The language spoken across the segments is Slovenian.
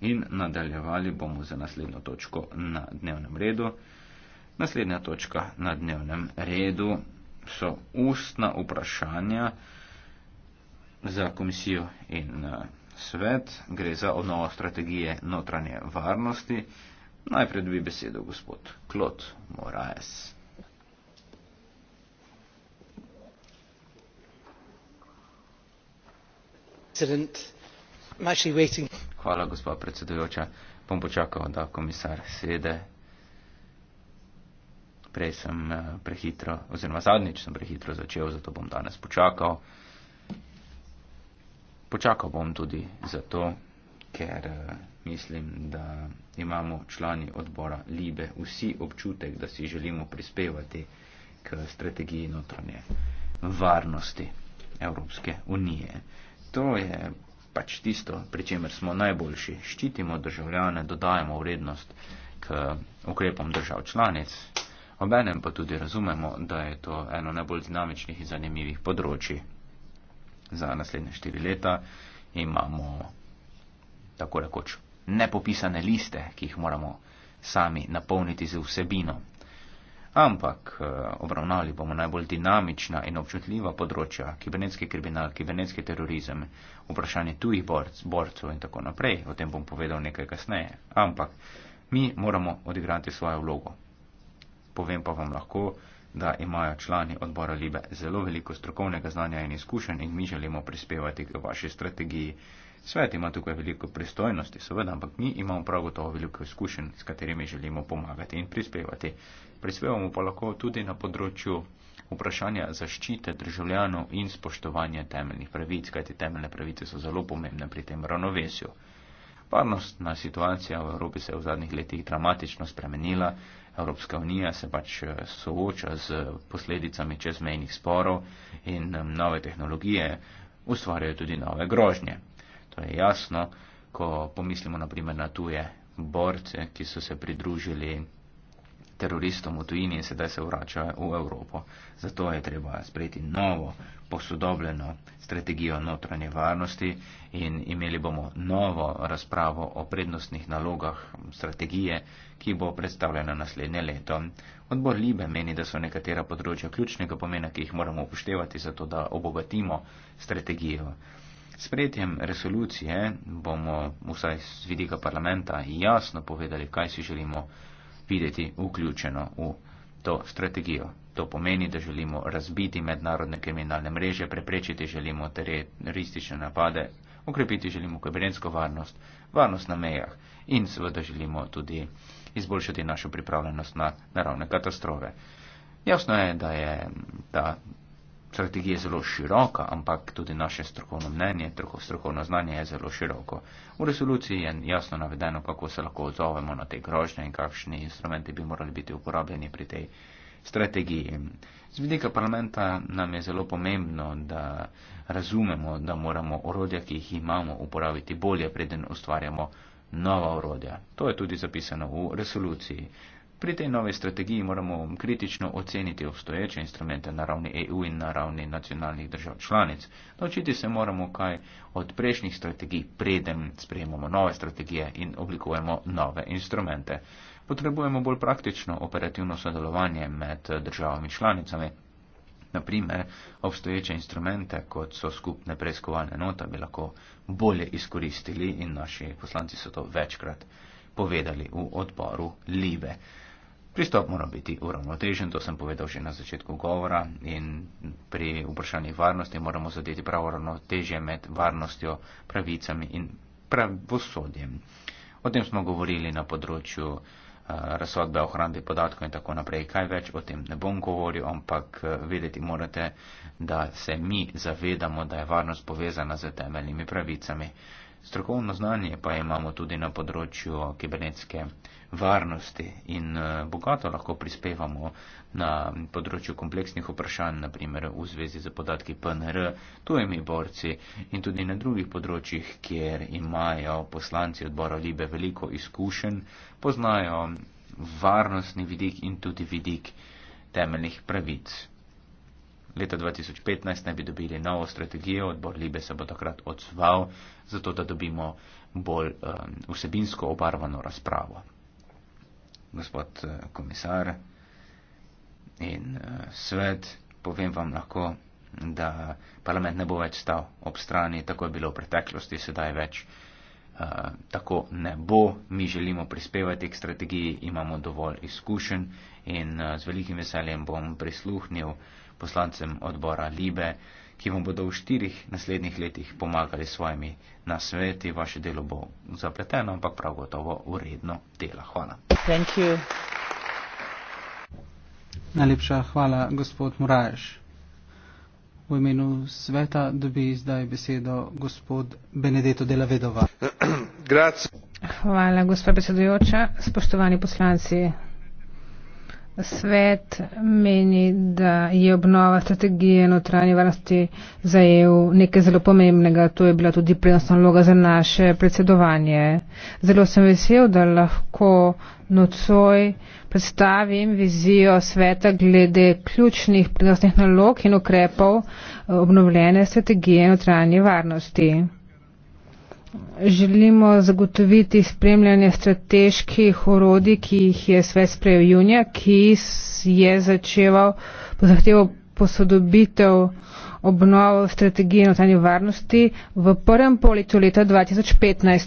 in nadaljevali bomo za naslednjo točko na dnevnem redu. Naslednja točka na dnevnem redu so ustna vprašanja za komisijo in eh, svet. Gre za obnovo strategije notranje varnosti. Najprej dobi besedo gospod Klot Moraes. President, I'm actually waiting. Hvala, gospod predsedujoča. Bom počakal, da komisar sede. Prej sem eh, prehitro, oziroma zadnjič sem prehitro začel, zato bom danes počakal. Počakal bom tudi zato, ker eh, mislim, da imamo člani odbora Libe vsi občutek, da si želimo prispevati k strategiji notranje varnosti Evropske unije. To je pač tisto, pri čemer smo najboljši. Ščitimo državljane, dodajemo vrednost k ukrepom držav članic, obenem pa tudi razumemo, da je to eno najbolj dinamičnih in zanimivih področji. Za naslednje štiri leta imamo tako rekoč nepopisane liste, ki jih moramo sami napolniti z vsebino ampak eh, obravnali bomo najbolj dinamična in občutljiva področja, kibernetski kriminal, kibernetski terorizem, vprašanje tujih borc, borcev in tako naprej. O tem bom povedal nekaj kasneje. Ampak mi moramo odigrati svojo vlogo. Povem pa vam lahko, da imajo člani odbora Libe zelo veliko strokovnega znanja in izkušenj in mi želimo prispevati k vaši strategiji Svet ima tukaj veliko pristojnosti, seveda, ampak mi imamo prav gotovo veliko izkušenj, s katerimi želimo pomagati in prispevati. Prispevamo pa lahko tudi na področju vprašanja zaščite državljanov in spoštovanja temeljnih pravic, kajti temeljne pravice so zelo pomembne pri tem ravnovesju. Varnostna situacija v Evropi se je v zadnjih letih dramatično spremenila. Evropska unija se pač eh, sooča z posledicami čezmejnih sporov in eh, nove tehnologije ustvarjajo tudi nove grožnje to je jasno, ko pomislimo naprimer na tuje borce, ki so se pridružili teroristom v tujini in sedaj se vračajo v Evropo. Zato je treba sprejeti novo posodobljeno strategijo notranje varnosti in imeli bomo novo razpravo o prednostnih nalogah strategije, ki bo predstavljena naslednje leto. Odbor Libe meni, da so nekatera področja ključnega pomena, ki jih moramo upoštevati, zato da obogatimo strategijo. Sprejetjem resolucije bomo vsaj z vidika parlamenta jasno povedali, kaj si želimo videti vključeno v to strategijo. To pomeni, da želimo razbiti mednarodne kriminalne mreže, preprečiti želimo teroristične napade, ukrepiti želimo kibernetsko varnost, varnost na mejah in seveda želimo tudi izboljšati našo pripravljenost na naravne katastrofe. Jasno je, da je ta strategija je zelo široka, ampak tudi naše strokovno mnenje, strokovno znanje je zelo široko. V resoluciji je jasno navedeno, kako se lahko odzovemo na te grožnje in kakšni instrumenti bi morali biti uporabljeni pri tej strategiji. Z vidika parlamenta nam je zelo pomembno, da razumemo, da moramo orodja, ki jih imamo, uporabiti bolje, preden ustvarjamo nova orodja. To je tudi zapisano v resoluciji. Pri tej novi strategiji moramo kritično oceniti obstoječe instrumente na ravni EU in na ravni nacionalnih držav članic. Naučiti se moramo kaj od prejšnjih strategij, preden sprejemamo nove strategije in oblikujemo nove instrumente. Potrebujemo bolj praktično operativno sodelovanje med državami članicami. Naprimer, obstoječe instrumente, kot so skupne preiskovalne enote, bi lahko bolje izkoristili in naši poslanci so to večkrat povedali v odboru Libe. Pristop mora biti uravnotežen, to sem povedal že na začetku govora in pri vprašanju varnosti moramo zadeti prav uravnotežje med varnostjo, pravicami in pravosodjem. O tem smo govorili na področju eh, razsodbe ohrambe podatkov in tako naprej. Kaj več o tem ne bom govoril, ampak eh, vedeti morate, da se mi zavedamo, da je varnost povezana z temeljnimi pravicami. Strokovno znanje pa imamo tudi na področju kibernetske varnosti in eh, bogato lahko prispevamo na področju kompleksnih vprašanj, naprimer v zvezi z podatki PNR, tujimi borci in tudi na drugih področjih, kjer imajo poslanci odbora Libe veliko izkušenj, poznajo varnostni vidik in tudi vidik temeljnih pravic. Leta 2015 naj bi dobili novo strategijo, odbor Libe se bo takrat odzval, zato da dobimo bolj um, vsebinsko obarvano razpravo. Gospod eh, komisar in uh, svet, povem vam lahko, da parlament ne bo več stal ob strani, tako je bilo v preteklosti, sedaj več. Uh, tako ne bo, mi želimo prispevati k strategiji, imamo dovolj izkušenj in uh, z velikim veseljem bom prisluhnil uh, poslancem odbora Libe, ki vam bodo v štirih naslednjih letih pomagali s svojimi nasveti. Vaše delo bo zapleteno, ampak prav gotovo uredno dela. Hvala. Najlepša hvala, gospod Murajš. V imenu sveta dobi zdaj besedo gospod Benedetto Dela Vedova. Grac. Hvala, gospod predsedujoča. Spoštovani poslanci, svet meni, da je obnova strategije notranje varnosti za EU nekaj zelo pomembnega. To je bila tudi prednostna loga za naše predsedovanje. Zelo sem vesel, da lahko nocoj predstavim vizijo sveta glede ključnih prednostnih nalog in ukrepov obnovljene strategije notranje varnosti želimo zagotoviti spremljanje strateških orodij, ki jih je svet sprejel junija, ki je začeval zahtevo posodobitev obnov strategije notranje varnosti v prvem poletju leta 2015.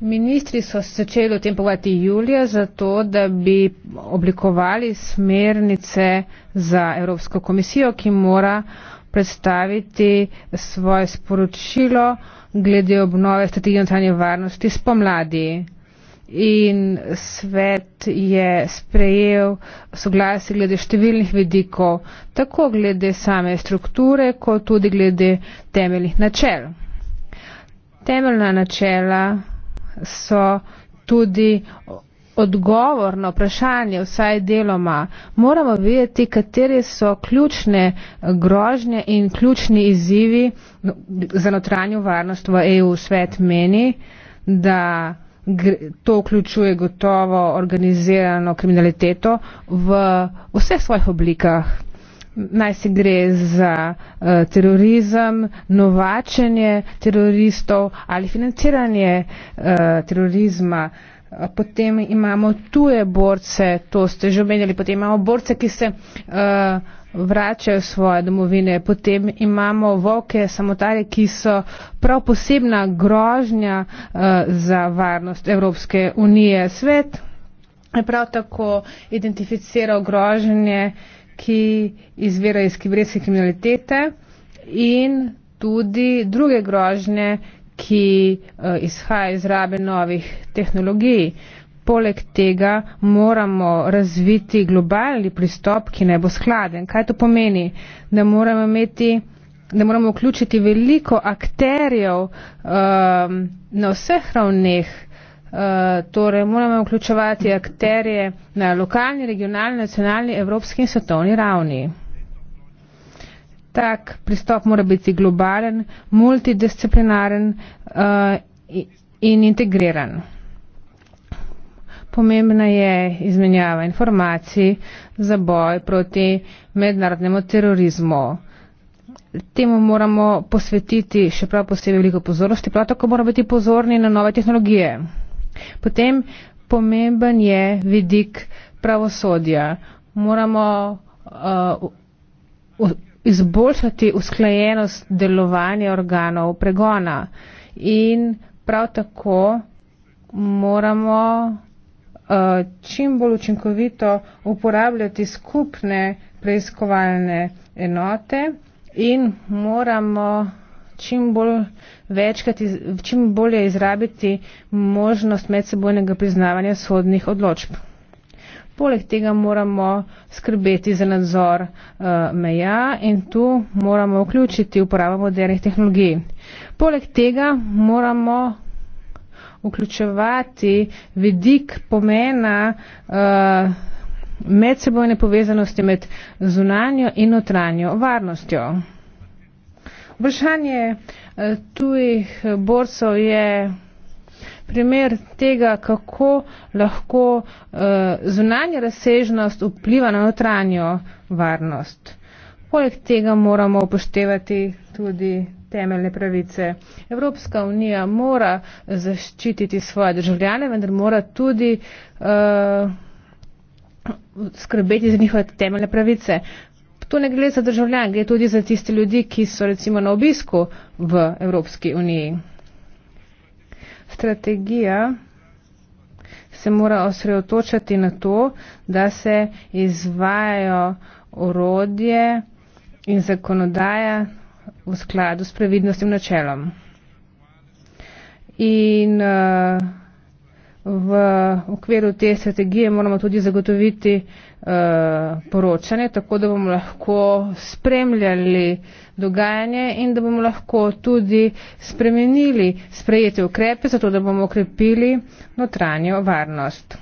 Ministri so se začeli o tem pogovarjati julija, zato da bi oblikovali smernice za Evropsko komisijo, ki mora predstaviti svoje sporočilo glede obnove strategije notranje varnosti spomladi. In svet je sprejel soglasje glede številnih vidikov, tako glede same strukture, kot tudi glede temeljnih načel. Temeljna načela so tudi odgovor na vprašanje, vsaj deloma, moramo vedeti, katere so ključne eh, grožnje in ključni izzivi no, za notranjo varnost v EU. Svet meni, da to vključuje gotovo organizirano kriminaliteto v vseh svojih oblikah. Naj si gre za uh, terorizem, novačenje teroristov ali financiranje uh, terorizma. Uh, Potem imamo tuje borce, to ste že omenjali, potem imamo borce, ki se uh, vračajo v svoje domovine, potem imamo volke, samotare, ki so prav posebna grožnja uh, za varnost Evropske unije. Svet je prav tako identificiral grožnje, ki izvira iz kibernetske kriminalitete in tudi druge grožnje, ki eh, izhaja iz rabe novih tehnologij. Poleg tega moramo razviti globalni pristop, ki ne bo skladen. Kaj to pomeni? Da moramo, imeti, da moramo vključiti veliko akterjev um, na vseh ravneh. Uh, torej moramo vključevati akterje na lokalni, regionalni, nacionalni, evropski in svetovni ravni tak pristop mora biti globalen, multidisciplinaren uh, in integriran. Pomembna je izmenjava informacij za boj proti mednarodnemu terorizmu. Temu moramo posvetiti še prav posebej veliko pozornosti, prav tako moramo biti pozorni na nove tehnologije. Potem pomemben je vidik pravosodja. Moramo uh, izboljšati usklajenost delovanja organov pregona in prav tako moramo eh, čim bolj učinkovito uporabljati skupne preiskovalne enote in moramo čim bolj večkrat, čim bolje izrabiti možnost medsebojnega priznavanja sodnih odločb. Poleg tega moramo skrbeti za nadzor uh, meja in tu moramo vključiti uporabo modernih tehnologij. Poleg tega moramo vključevati vidik pomena uh, medsebojne povezanosti med zunanjo in notranjo varnostjo. Vprašanje uh, tujih borcev je primer tega, kako lahko uh, zunanja razsežnost vpliva na notranjo varnost. Poleg tega moramo upoštevati tudi temeljne pravice. Evropska unija mora zaščititi svoje državljane, vendar mora tudi uh, skrbeti za njihove temeljne pravice. To ne gre za državljan, gre tudi za tiste ljudi, ki so recimo na obisku v Evropski uniji strategija se mora osredotočati na to, da se izvajajo orodje in zakonodaja v skladu s previdnostnim načelom. In uh, v okviru te strategije moramo tudi zagotoviti uh, poročanje, tako da bomo lahko spremljali dogajanje in da bomo lahko tudi spremenili sprejete ukrepe, zato da bomo okrepili notranjo varnost.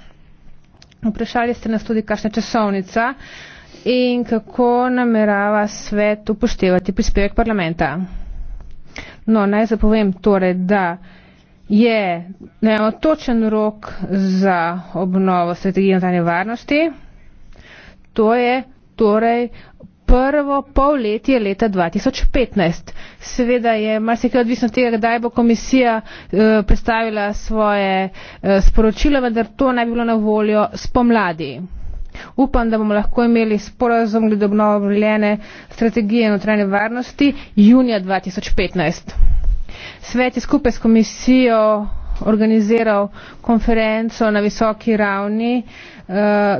Vprašali ste nas tudi, kakšna je časovnica in kako namerava svet upoštevati prispevek parlamenta. No, naj zapovem torej, da je nemo, točen rok za obnovo strategije notranje varnosti. To je torej prvo polletje leta 2015. Seveda je marsikaj odvisno od tega, kdaj bo komisija eh, predstavila svoje eh, sporočilo, vendar to naj bi bilo na voljo spomladi. Upam, da bomo lahko imeli sporazum glede obnovljene strategije notranje varnosti junija 2015. Svet je skupaj s komisijo organiziral konferenco na visoki ravni uh,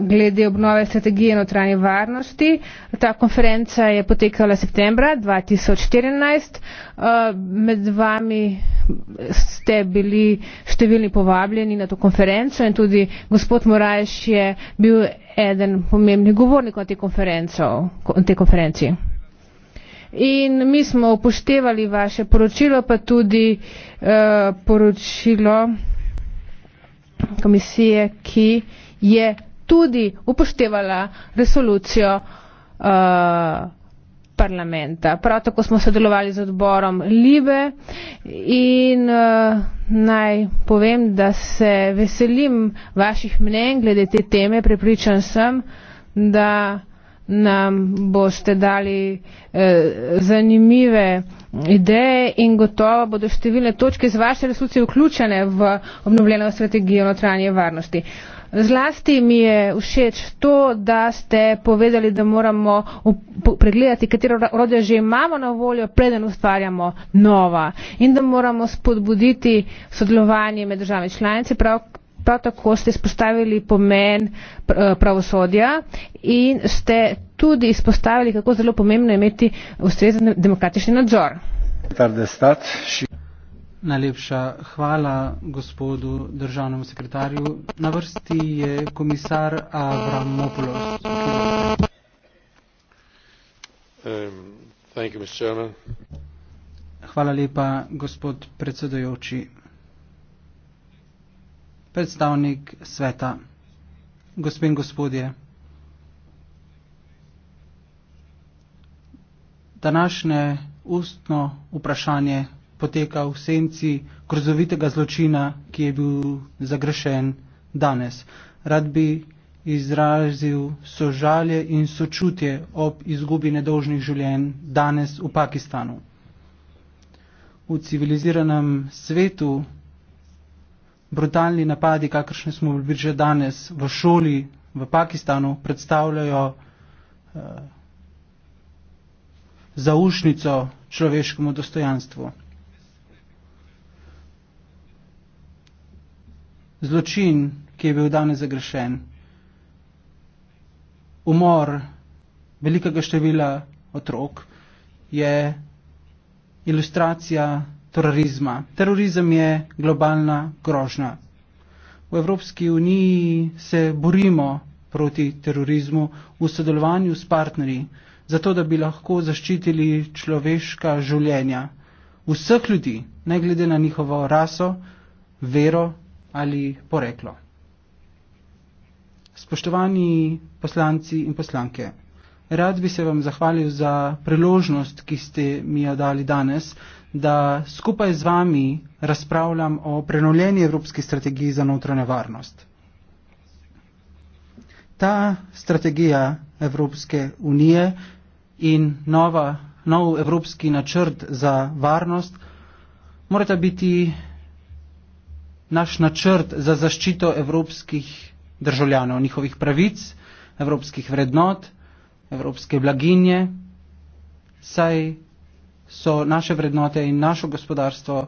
glede obnove strategije notranje varnosti. Ta konferenca je potekala septembra 2014. Uh, eh, med vami ste bili številni povabljeni na to konferenco in tudi gospod Morajš je bil eden pomembnih govornikov na tej konferenci. In mi smo upoštevali vaše poročilo, pa tudi uh, poročilo komisije, ki je tudi upoštevala resolucijo uh, parlamenta. Prav tako smo sodelovali z odborom Libe in uh, naj povem, da se veselim vaših mnen glede te teme. Pripričan sem, da nam boste dali eh, zanimive ideje in gotovo bodo številne točke z vaše resolucije vključene v obnovljeno strategijo notranje varnosti. Zlasti mi je všeč to, da ste povedali, da moramo pregledati, katero orodja že imamo na voljo, preden ustvarjamo nova in da moramo spodbuditi sodelovanje med državami članice, prav, prav tako ste izpostavili pomen eh, pravosodja in ste tudi izpostavili, kako zelo pomembno je imeti ustrezen demokratični nadzor. Najlepša hvala gospodu državnemu sekretarju. Na vrsti je komisar Avramopoulos. Um, hvala lepa, gospod predsedojoči predstavnik sveta. Gospod in gospodje, današnje ustno vprašanje poteka v senci grozovitega zločina, ki je bil zagrešen danes. Rad bi izrazil sožalje in sočutje ob izgubi nedolžnih življenj danes v Pakistanu. V civiliziranem svetu brutalni napadi, kakršne smo bili že danes v šoli v Pakistanu, predstavljajo uh, zaušnico človeškemu dostojanstvu. Zločin, ki je bil danes zagrešen, umor velikega števila otrok je ilustracija terorizma. Terorizem je globalna grožnja. V Evropski uniji se borimo proti terorizmu v sodelovanju s partnerji, zato da bi lahko zaščitili človeška življenja vseh ljudi, ne glede na njihovo raso, vero ali poreklo. Spoštovani poslanci in poslanke, rad bi se vam zahvalil za priložnost, ki ste mi jo dali danes, da skupaj z vami razpravljam o prenovljeni evropski strategiji za notranjo varnost. Ta strategija Evropske unije in nova, nov evropski načrt za varnost morata biti naš načrt za zaščito evropskih državljanov, njihovih pravic, evropskih vrednot, evropske blaginje, saj so naše vrednote in našo gospodarstvo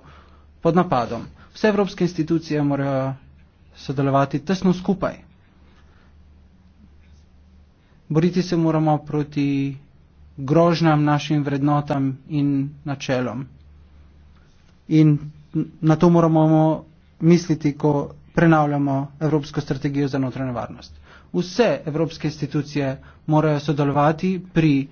pod napadom. Vse evropske institucije morajo sodelovati tesno skupaj. Boriti se moramo proti grožnjam našim vrednotam in načelom. In na to moramo misliti, ko prenavljamo Evropsko strategijo za notranjo varnost. Vse evropske institucije morajo sodelovati pri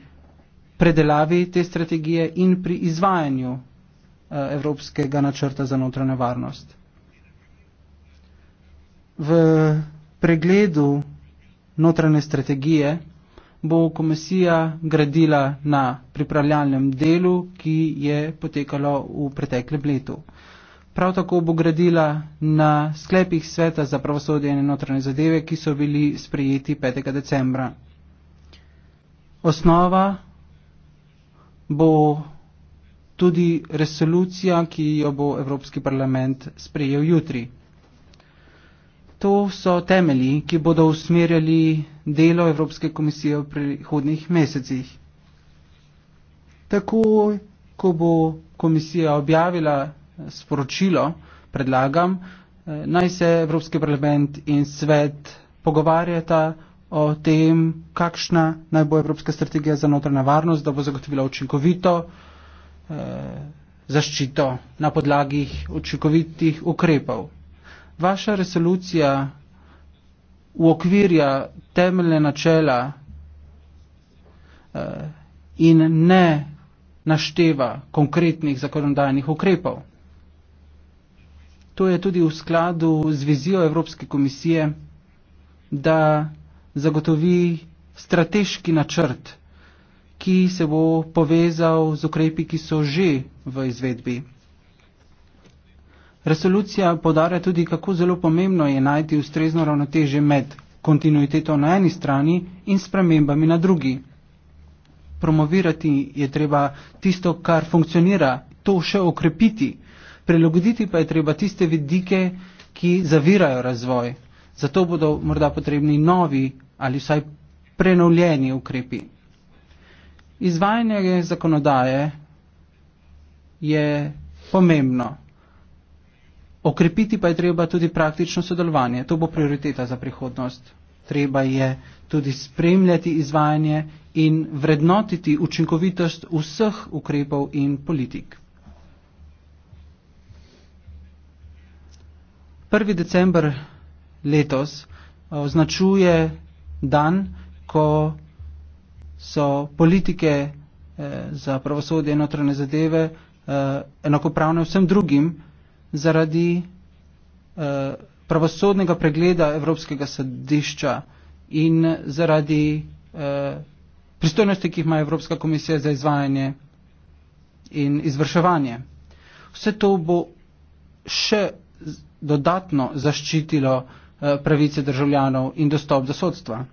predelavi te strategije in pri izvajanju eh, Evropskega načrta za notranjo varnost. V pregledu notranje strategije bo komisija gradila na pripravljalnem delu, ki je potekalo v preteklem letu. Prav tako bo gradila na sklepih sveta za pravosodje in notranje zadeve, ki so bili sprejeti 5. decembra. Osnova bo tudi resolucija, ki jo bo Evropski parlament sprejel jutri. To so temelji, ki bodo usmerjali delo Evropske komisije v prihodnih mesecih. Tako, ko bo komisija objavila sporočilo, predlagam, eh, naj se Evropski parlament in svet pogovarjata o tem, kakšna naj bo evropska strategija za notranja varnost, da bo zagotovila učinkovito eh, zaščito na podlagi učinkovitih ukrepov. Vaša resolucija v okvirja temeljne načela eh, in ne našteva konkretnih zakonodajnih ukrepov. To je tudi v skladu z vizijo Evropske komisije, da zagotovi strateški načrt, ki se bo povezal z ukrepi, ki so že v izvedbi. Resolucija podarja tudi, kako zelo pomembno je najti ustrezno ravnoteže med kontinuiteto na eni strani in spremembami na drugi. Promovirati je treba tisto, kar funkcionira, to še okrepiti, prilagoditi pa je treba tiste vidike, ki zavirajo razvoj. Zato bodo morda potrebni novi ali vsaj prenovljeni ukrepi. Izvajanje zakonodaje je pomembno. Okrepiti pa je treba tudi praktično sodelovanje. To bo prioriteta za prihodnost. Treba je tudi spremljati izvajanje in vrednotiti učinkovitost vseh ukrepov in politik. 1. december letos označuje dan, ko so politike eh, za pravosodje in notranje zadeve eh, enakopravne vsem drugim zaradi eh, pravosodnega pregleda Evropskega sodišča in zaradi eh, pristojnosti, ki jih ima Evropska komisija za izvajanje in izvrševanje. Vse to bo še dodatno zaščitilo eh, Eh, pravice državljanov in dostop do sodstva.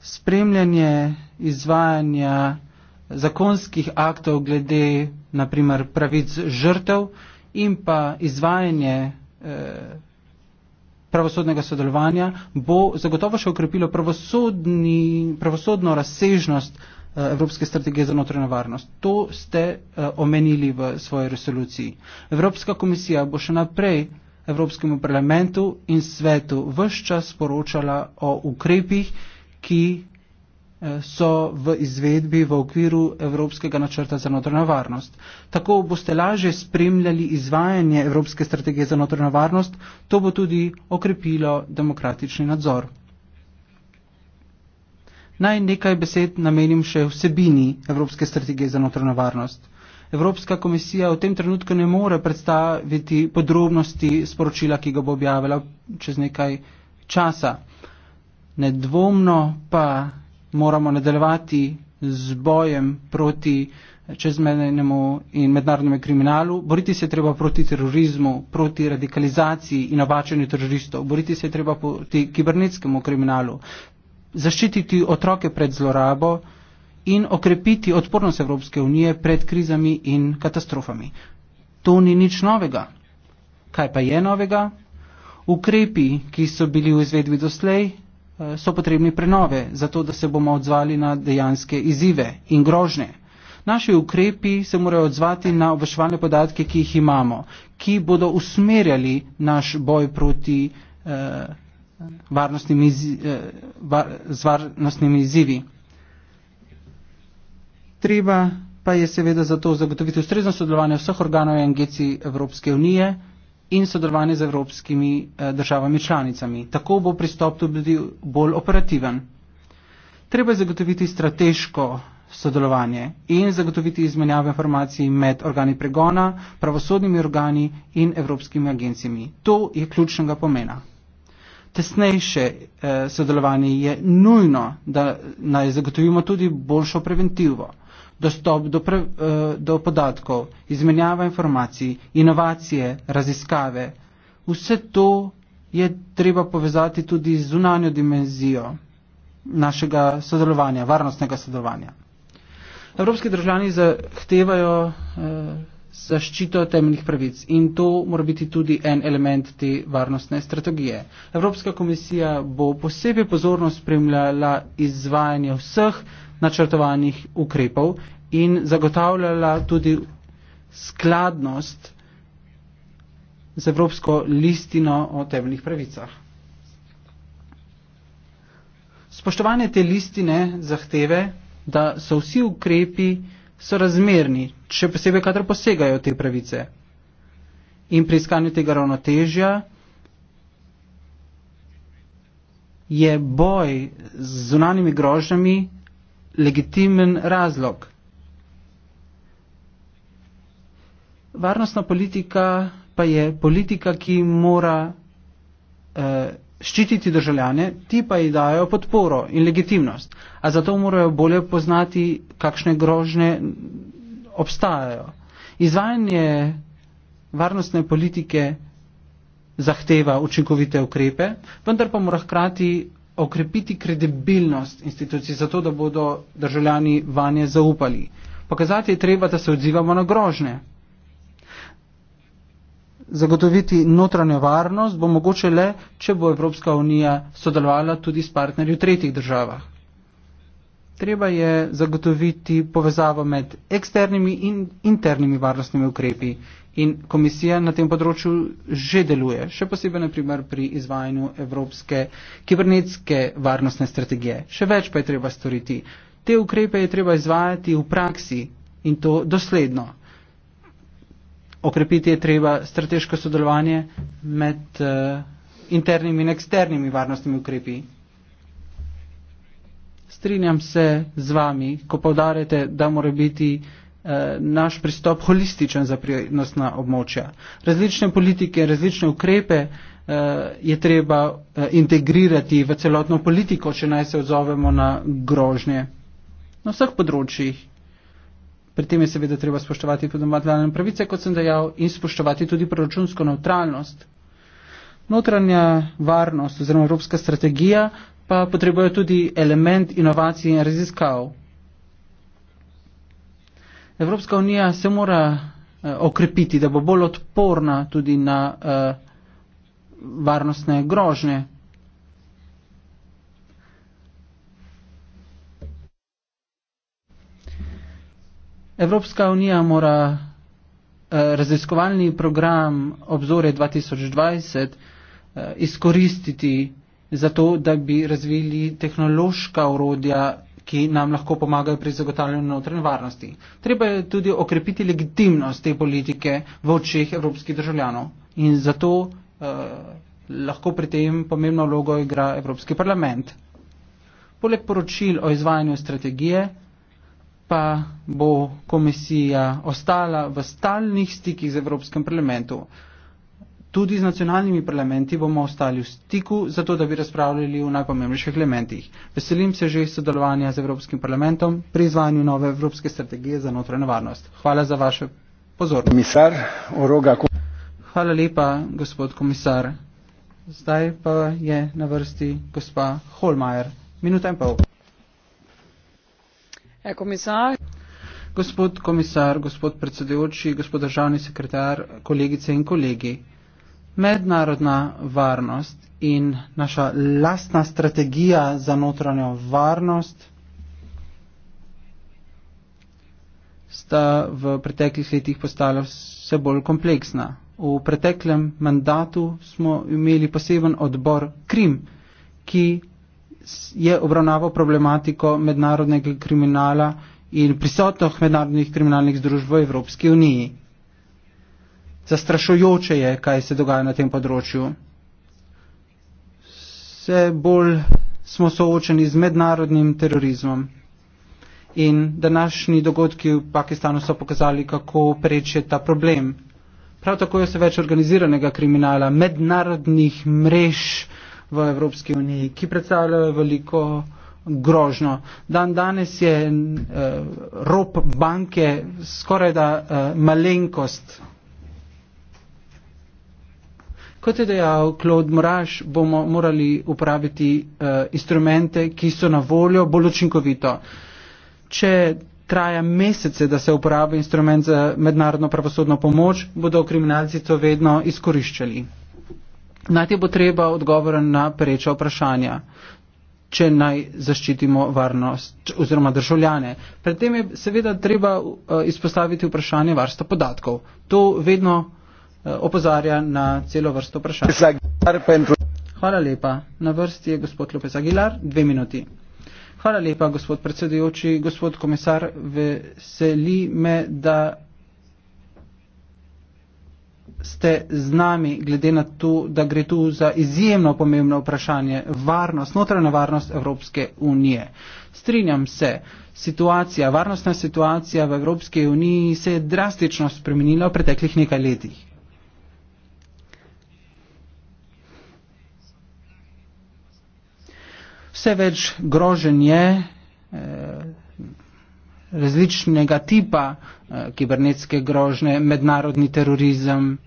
Spremljanje izvajanja zakonskih aktov glede naprimer pravic žrtev in pa izvajanje eh, pravosodnega sodelovanja bo zagotovo še ukrepilo pravosodno razsežnost eh, Evropske strategije za notranjo varnost. To ste omenili v svoji resoluciji. Evropska komisija bo še naprej Evropskemu parlamentu in svetu vse čas poročala o ukrepih, ki eh, so v izvedbi v okviru Evropskega načrta za notranjo varnost. Tako boste lažje spremljali izvajanje Evropske strategije za notranjo varnost, to bo tudi okrepilo demokratični nadzor. Naj nekaj besed namenim še vsebini Evropske strategije za notranjo varnost. Evropska komisija v tem trenutku ne more predstaviti podrobnosti sporočila, ki ga bo objavila čez nekaj časa. Nedvomno pa moramo nadaljevati z bojem proti čezmenjenemu in mednarodnemu kriminalu. Boriti se je treba proti terorizmu, proti radikalizaciji in obačanju teroristov. Boriti se je treba proti kibernetskemu kriminalu. Zaščititi otroke pred zlorabo in okrepiti odpornost Evropske unije pred krizami in katastrofami. To ni nič novega. Kaj pa je novega? Ukrepi, ki so bili v izvedbi doslej, eh, so potrebni prenove, zato da se bomo odzvali na dejanske izzive in grožnje. Naši ukrepi se morajo odzvati na obveščevalne podatke, ki jih imamo, ki bodo usmerjali naš boj proti eh, varnostnim izzivi. Eh, var, Treba pa je seveda zato zagotoviti ustrezno sodelovanje vseh organov in agencij Evropske unije in sodelovanje z evropskimi eh, državami članicami. Tako bo pristop tudi bolj operativen. Treba je zagotoviti strateško sodelovanje in zagotoviti izmenjavo informacij med organi pregona, pravosodnimi organi in evropskimi agencijami. To je ključnega pomena. Tesnejše eh, sodelovanje je nujno, da naj zagotovimo tudi boljšo preventivo dostop do, prav, eh, do podatkov, izmenjava informacij, inovacije, raziskave. Vse to je treba povezati tudi z zunanjo dimenzijo našega sodelovanja, varnostnega sodelovanja. Evropski državljani zahtevajo eh, zaščito temeljnih pravic in to mora biti tudi en element te varnostne strategije. Evropska komisija bo posebej pozornost spremljala izvajanje vseh načrtovanih ukrepov in zagotavljala tudi skladnost z Evropsko listino o temeljnih pravicah. Spoštovanje te listine zahteve, da so vsi ukrepi so razmerni, še posebej, kadar posegajo te pravice. In pri iskanju tega ravnotežja je boj z zunanimi grožnjami legitimen razlog. Varnostna politika pa je politika, ki mora eh, ščititi državljane, ti pa ji dajo podporo in legitimnost. A zato morajo bolje poznati, kakšne grožne obstajajo. Izvajanje varnostne politike zahteva učinkovite ukrepe, vendar pa mora hkrati okrepiti kredibilnost institucij, zato da bodo državljani vanje zaupali. Pokazati je treba, da se odzivamo na grožne zagotoviti notranjo varnost bo mogoče le, če bo Evropska unija sodelovala tudi s partnerji v tretjih državah. Treba je zagotoviti povezavo med eksternimi in internimi varnostnimi ukrepi in komisija na tem področju že deluje, še posebej naprimer pri izvajanju evropske kibernetske varnostne strategije. Še več pa je treba storiti. Te ukrepe je treba izvajati v praksi in to dosledno okrepiti je treba strateško sodelovanje med uh, internimi in eksternimi varnostnimi ukrepi. Strinjam se z vami, ko povdarjate, da mora biti uh, naš pristop holističen za prijednostna območja. Različne politike, različne ukrepe uh, je treba uh, integrirati v celotno politiko, če naj se odzovemo na grožnje na vseh področjih. Pri tem je seveda treba spoštovati tudi materialne pravice, kot sem dejal, in spoštovati tudi proračunsko neutralnost. Notranja varnost oziroma evropska strategija pa potrebuje tudi element inovacij in raziskav. Evropska unija se mora eh, okrepiti, da bo bolj odporna tudi na eh, varnostne grožnje, Evropska unija mora eh, raziskovalni program obzore 2020 eh, izkoristiti za to, da bi razvili tehnološka urodja, ki nam lahko pomagajo pri zagotavljanju notranje varnosti. Treba je tudi okrepiti legitimnost te politike v očeh evropskih državljanov in zato eh, lahko pri tem pomembno vlogo igra Evropski parlament. Poleg poročil o izvajanju strategije, pa bo komisija ostala v stalnih stikih z Evropskem parlamentu. Tudi z nacionalnimi parlamenti bomo ostali v stiku, zato da bi razpravljali o najpomembnejših elementih. Veselim se že sodelovanja z Evropskim parlamentom pri izvanju nove Evropske strategije za notranjo varnost. Hvala za vaše pozornost. Hvala lepa, gospod komisar. Zdaj pa je na vrsti gospa Holmajer. Minuta in pol. Herr Kommissar. Gospod komisar, gospod predsedujoči, gospod državni sekretar, kolegice in kolegi. Mednarodna varnost in naša lastna strategija za notranjo varnost sta v preteklih letih postala vse bolj kompleksna. V preteklem mandatu smo imeli poseben odbor Krim, ki je obravnaval problematiko mednarodnega kriminala in prisotnost mednarodnih kriminalnih združb v Evropski uniji. Zastrašujoče je, kaj se dogaja na tem področju. Vse bolj smo soočeni z mednarodnim terorizmom. In današnji dogodki v Pakistanu so pokazali, kako preče ta problem. Prav tako je vse več organiziranega kriminala, mednarodnih mrež, v Evropski uniji, ki predstavljajo veliko grožno. Dan danes je uh, rob banke skoraj da uh, eh, malenkost. Kot je dejal Claude Moraš, bomo morali uporabiti uh, instrumente, ki so na voljo bolj učinkovito. Če traja mesece, da se uporabi instrument za mednarodno pravosodno pomoč, bodo kriminalci to vedno izkoriščali. Najti bo treba odgovore na pereča vprašanja, če naj zaščitimo varnost oziroma državljane. Predtem je seveda treba eh, izpostaviti vprašanje varstva podatkov. To vedno eh, opozarja na celo vrsto vprašanj. Hvala lepa. Na vrsti je gospod Lopez Aguilar. Dve minuti. Hvala lepa, gospod predsedujoči. Gospod komisar, veseli me, da ste z nami, glede na to, da gre tu za izjemno pomembno vprašanje varnost, notranja varnost Evropske unije. Strinjam se, situacija, varnostna situacija v Evropske uniji se je drastično spremenila v preteklih nekaj letih. Vse več grožen je eh, različnega tipa eh, kibernetske grožne, mednarodni terorizem,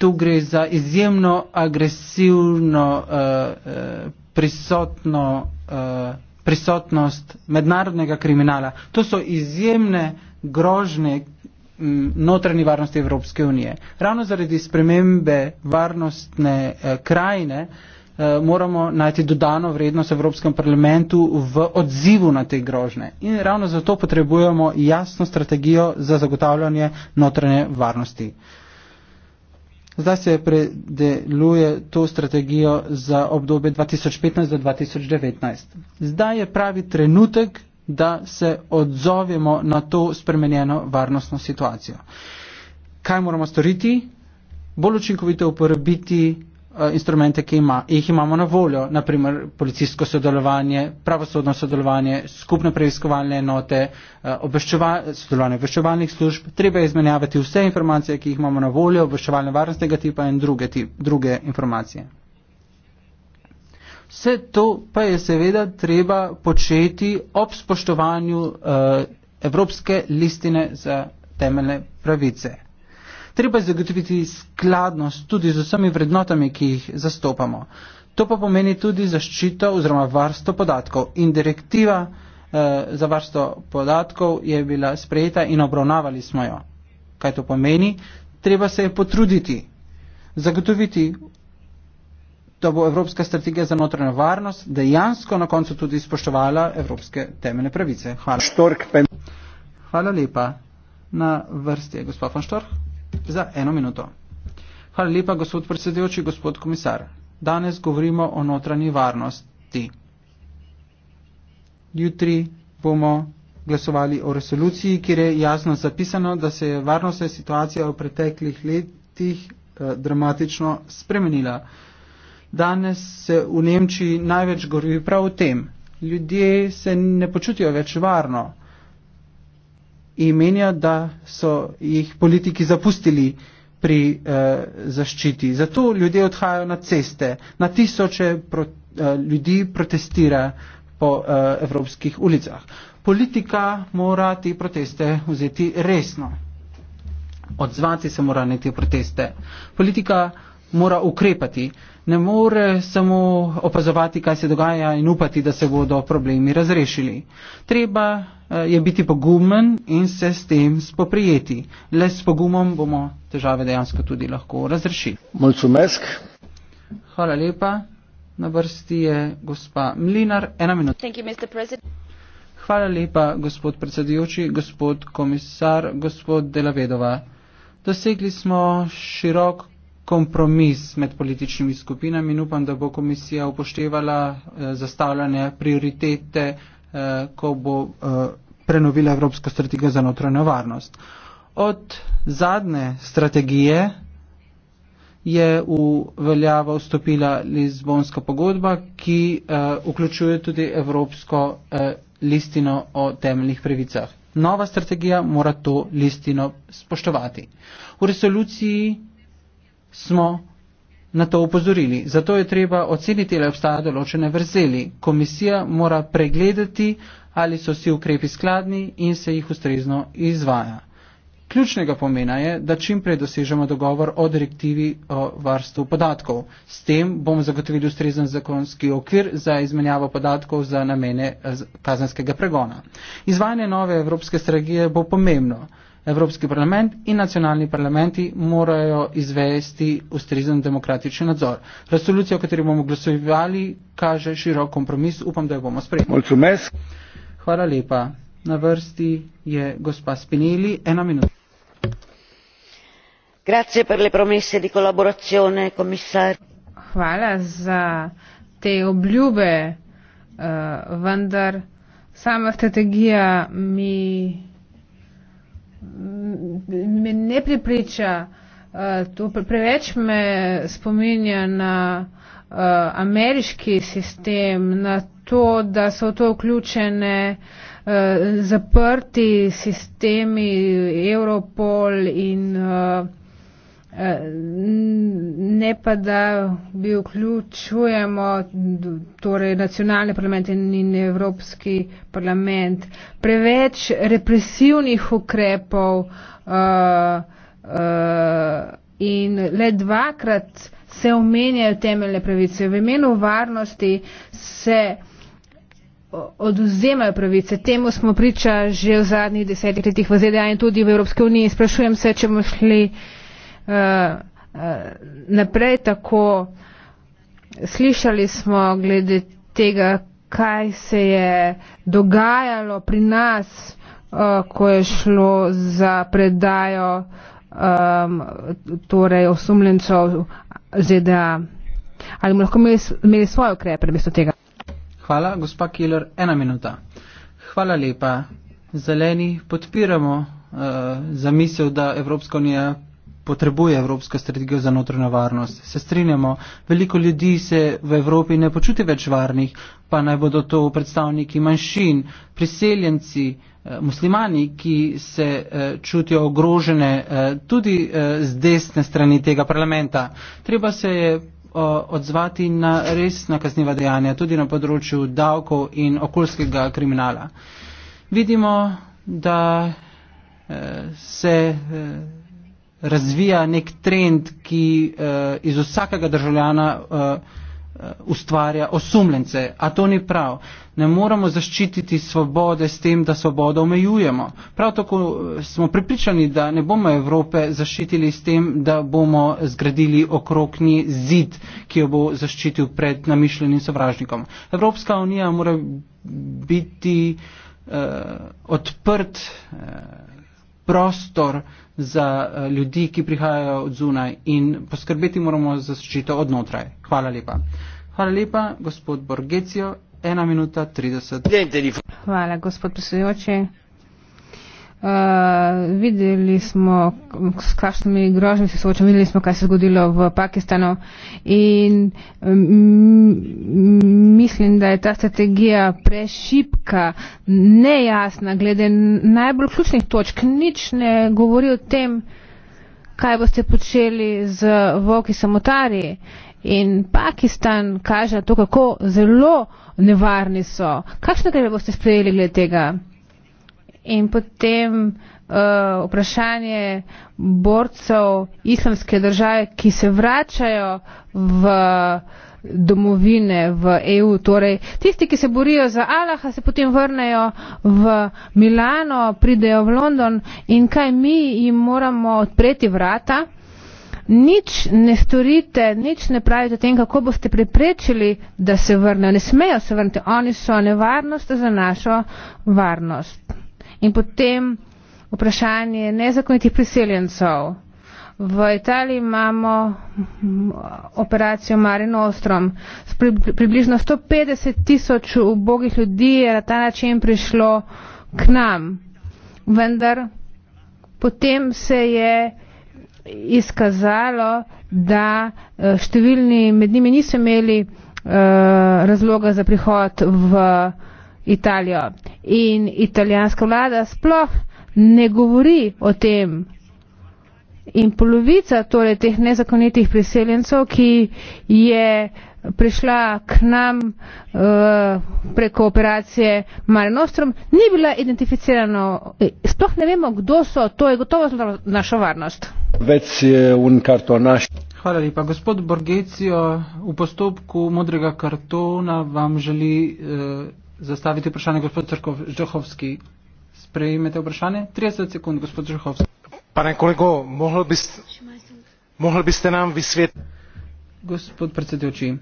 tu gre za izjemno agresivno uh, uh, prisotno, uh, prisotnost mednarodnega kriminala. To so izjemne grožne mm, notranji varnosti Evropske unije. Ravno zaradi spremembe varnostne eh, krajine eh, moramo najti dodano vrednost Evropskem parlamentu v odzivu na te grožne. In ravno zato potrebujemo jasno strategijo za zagotavljanje notranje varnosti. Eh, Zdaj se predeluje to strategijo za obdobje 2015 do 2019. Zdaj je pravi trenutek, da se odzovemo na to spremenjeno varnostno situacijo. Kaj moramo storiti? Bolj učinkovito uporabiti Eh, instrumente, ki ima, jih imamo na voljo, naprimer policijsko sodelovanje, pravosodno sodelovanje, skupne preiskovalne enote, eh, obveščeva, sodelovanje obveščevalnih služb. Treba je izmenjavati vse informacije, ki jih imamo na voljo, obveščevalne varnostnega tipa in druge, tip, druge informacije. Vse to pa je seveda treba početi ob spoštovanju uh, Evropske listine za temeljne pravice treba zagotoviti skladnost tudi z vsemi vrednotami, ki jih zastopamo. To pa pomeni tudi zaščito oziroma varstvo podatkov. In direktiva eh, za varstvo podatkov je bila sprejeta in obravnavali smo jo. Kaj to pomeni? Treba se je potruditi, zagotoviti, da bo Evropska strategija za notranjo varnost dejansko na koncu tudi spoštovala evropske temeljne pravice. Hvala. Hvala lepa. Na vrsti je gospod Van Štorh za eno minuto. Hvala lepa, gospod predsedujoči, gospod komisar. Danes govorimo o notranji varnosti. Jutri bomo glasovali o resoluciji, kjer je jasno zapisano, da se je varnostna situacija v preteklih letih eh, dramatično spremenila. Danes se v Nemčiji največ govori prav o tem. Ljudje se ne počutijo več varno in menja, da so jih politiki zapustili pri eh, zaščiti. Zato ljudje odhajajo na ceste, na tisoče pro, eh, ljudi protestira po eh, evropskih ulicah. Politika mora te proteste vzeti resno. Odzvati se mora na te proteste. Politika mora ukrepati. Eh, ne more samo opazovati, kaj se dogaja in upati, da se bodo problemi razrešili. Treba eh, je biti pogumen in se s tem spoprijeti. Le s pogumom bomo težave dejansko tudi lahko razrešili. Molčumesk. Hvala lepa. Na vrsti je gospa Mlinar. Ena minuta. Hvala lepa, gospod predsedujoči, gospod komisar, gospod Delavedova. Dosegli smo širok kompromis med političnimi skupinami in upam, da bo komisija upoštevala eh, zastavljanje prioritete, eh, ko bo eh, prenovila Evropsko strategijo za notranjo varnost. Od zadnje strategije je v veljavo vstopila Lizbonska pogodba, ki vključuje tudi Evropsko listino o temeljnih pravicah. Nova strategija mora to listino spoštovati. V resoluciji smo na to upozorili. Zato je treba oceniti, ali obstajajo določene vrzeli. Komisija mora pregledati, ali so vsi ukrepi skladni in se jih ustrezno izvaja. Ključnega pomena je, da čim prej dosežemo dogovor o direktivi o varstvu podatkov. S tem bomo zagotovili ustrezen zakonski okvir za izmenjavo podatkov za namene eh, kazanskega pregona. Izvajanje nove evropske strategije bo pomembno. Evropski parlament in nacionalni parlamenti morajo izvesti ustrezen demokratični nadzor. Resolucija, o kateri bomo glasovali, kaže širok kompromis. Upam, da jo bomo sprejeli. Hvala lepa. Na vrsti je gospa Spinelli. Ena minuta. Grazie per le promesse di collaborazione, commissar. Hvala za te obljube, uh, vendar sama strategija mi me ne pripriča, to preveč me spominja na ameriški sistem, na to, da so to vključene zaprti sistemi Europol in uh, E, ne pa da bi vključujemo torej nacionalne parlamente in Evropski parlament. Preveč represivnih ukrepov uh, uh, in le dvakrat se omenjajo temeljne pravice. V imenu varnosti se oduzemajo pravice. Temu smo priča že v zadnjih desetih letih v ZDA in tudi v Evropski uniji. Sprašujem se, če bomo šli. Eh, eh, naprej tako. Slišali smo glede tega, kaj se je dogajalo pri nas, eh, ko je šlo za predajo torej osumljencov ZDA. Ali bomo lahko imeli, imeli svoje ukrepe pred mesto tega? Hvala, gospa Killer. Ena minuta. Hvala lepa. Zeleni podpiramo uh, zamisel, da Evropska unija potrebuje Evropska strategija za notranjo varnost. Se strinjamo, veliko ljudi se v Evropi ne počuti več varnih, pa naj bodo to predstavniki manjšin, priseljenci, eh, muslimani, ki se eh, čutijo ogrožene eh, tudi z desne strani tega parlamenta. Treba se je odzvati na resna kazniva dejanja, tudi na področju davkov in okoljskega kriminala. Vidimo, da se razvija nek trend, ki uh, iz vsakega državljana uh, uh, ustvarja osumljence. A to ni prav. Ne moramo zaščititi svobode s tem, da svobodo omejujemo. Prav tako smo pripričani, da ne bomo Evrope zaščitili s tem, da bomo zgradili okrokni zid, ki jo bo zaščitil pred namišljenim sovražnikom. Evropska unija mora biti uh, odprt uh, prostor za eh, ljudi, ki prihajajo od zunaj in poskrbeti moramo za zaščito odnotraj. Hvala lepa. Hvala lepa, gospod Borgecijo, 1 minuta 30. Hvala, gospod posojoče. Eh, videli smo, s kakšnimi grožnjami se soočamo, videli smo, kaj se je zgodilo v Pakistanu in mislim, da je ta strategija prešipka, nejasna, glede najbolj ključnih točk. Nič ne govori o tem, kaj boste počeli z voki samotarji. In Pakistan kaže to, kako zelo nevarni so. Kakšne kreve boste sprejeli glede tega? in potem uh, vprašanje borcev islamske države, ki se vračajo v domovine v EU. Torej, tisti, ki se borijo za Alaha, se potem vrnejo v Milano, pridejo v London in kaj mi jim moramo odpreti vrata. Nič ne storite, nič ne pravite o tem, kako boste preprečili, da se vrnejo. Ne smejo se vrniti. Oni so nevarnost za našo varnost in potem vprašanje nezakonitih priseljencev. V Italiji imamo operacijo Mare Nostrom. Približno 150 tisoč ubogih ljudi je na ta način prišlo k nam. Vendar potem se je izkazalo, da eh, številni med njimi niso imeli uh, razloga za prihod v. Italijo. In italijanska vlada sploh ne govori o tem. In polovica torej teh nezakonitih priseljencev, ki je prišla k nam uh, preko operacije Mare Nostrum, ni bila identificirana. Sploh ne vemo, kdo so, to je gotovo naša varnost. Hvala lepa. Gospod Borgecijo, v postopku modrega kartona vam želi. Uh, zastaviti vprašanje gospod Žohovski. Sprejmete vprašanje? 30 sekund, gospod Žohovski. Pane kolego, mohl biste, mohl biste nam vysvetliti. Gospod predsedujoči,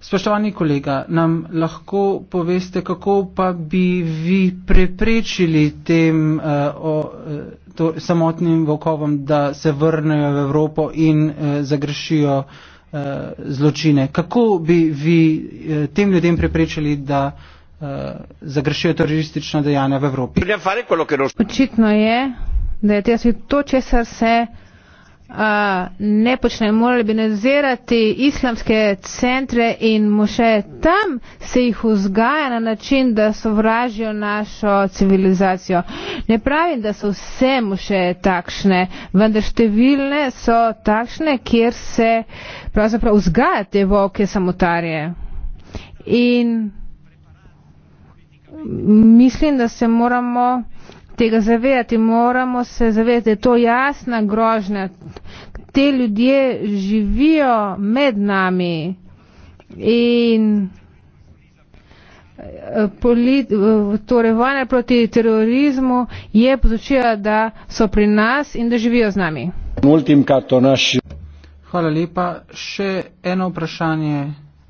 spoštovani kolega, nam lahko poveste, kako pa bi vi preprečili tem uh, o, eh, to, samotnim vokovom, da se vrnejo v Evropo in uh, zagrešijo uh, zločine? Kako bi vi uh, tem ljudem preprečili, da uh, Eh, zagrešijo teroristična dejanja v Evropi. Očitno je, da je to, česar se uh, ne počne. Morali bi nadzirati islamske centre in moše. Tam se jih vzgaja na način, da sovražijo našo civilizacijo. Ne pravim, da so vse moše takšne, vendar številne so takšne, kjer se pravzaprav vzgaja te volke samotarje. In mislim, da se moramo tega zavedati. Moramo se zavedati, da je to jasna grožnja. Te ljudje živijo med nami in eh, eh, torej vojna proti terorizmu je povzročila, da so pri nas in da živijo z nami. Hvala lepa. Še eno vprašanje.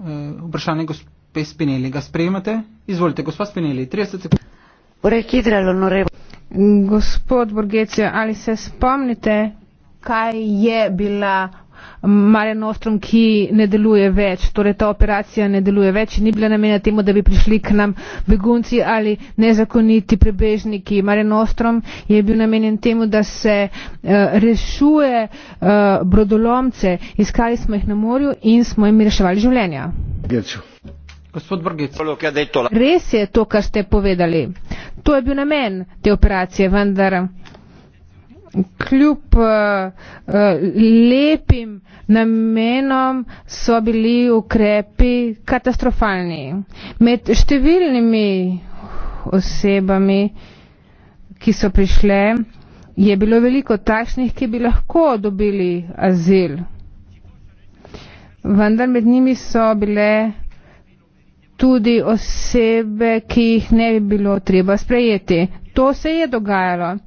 Eh, vprašanje gospod. Gospe Spinelli, ga sprejmete? Izvolite, gospa Spinelli, 30 sekund. Vorej, hitro, lonore. Gospod Borgecijo, ali se spomnite, kaj je bila Mare Nostrum, ki ne deluje več, torej ta operacija ne deluje več in ni bila namena temu, da bi prišli k nam begunci ali nezakoniti prebežniki. Mare Nostrum je bil namenjen temu, da se uh, rešuje uh, brodolomce, iskali smo jih na morju in smo jim reševali življenja. Gecijo. Res je to, kar ste povedali. To je bil namen te operacije, vendar kljub uh, uh, lepim namenom so bili ukrepi katastrofalni. Med številnimi osebami, ki so prišle, je bilo veliko takšnih, ki bi lahko dobili azil. Vendar med njimi so bile tudi osebe, ki jih ne bi bilo treba sprejeti. To se je dogajalo.